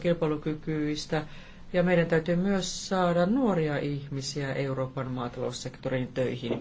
kilpailukykyistä. Ja meidän täytyy myös saada nuoria ihmisiä Euroopan maataloussektorin töihin.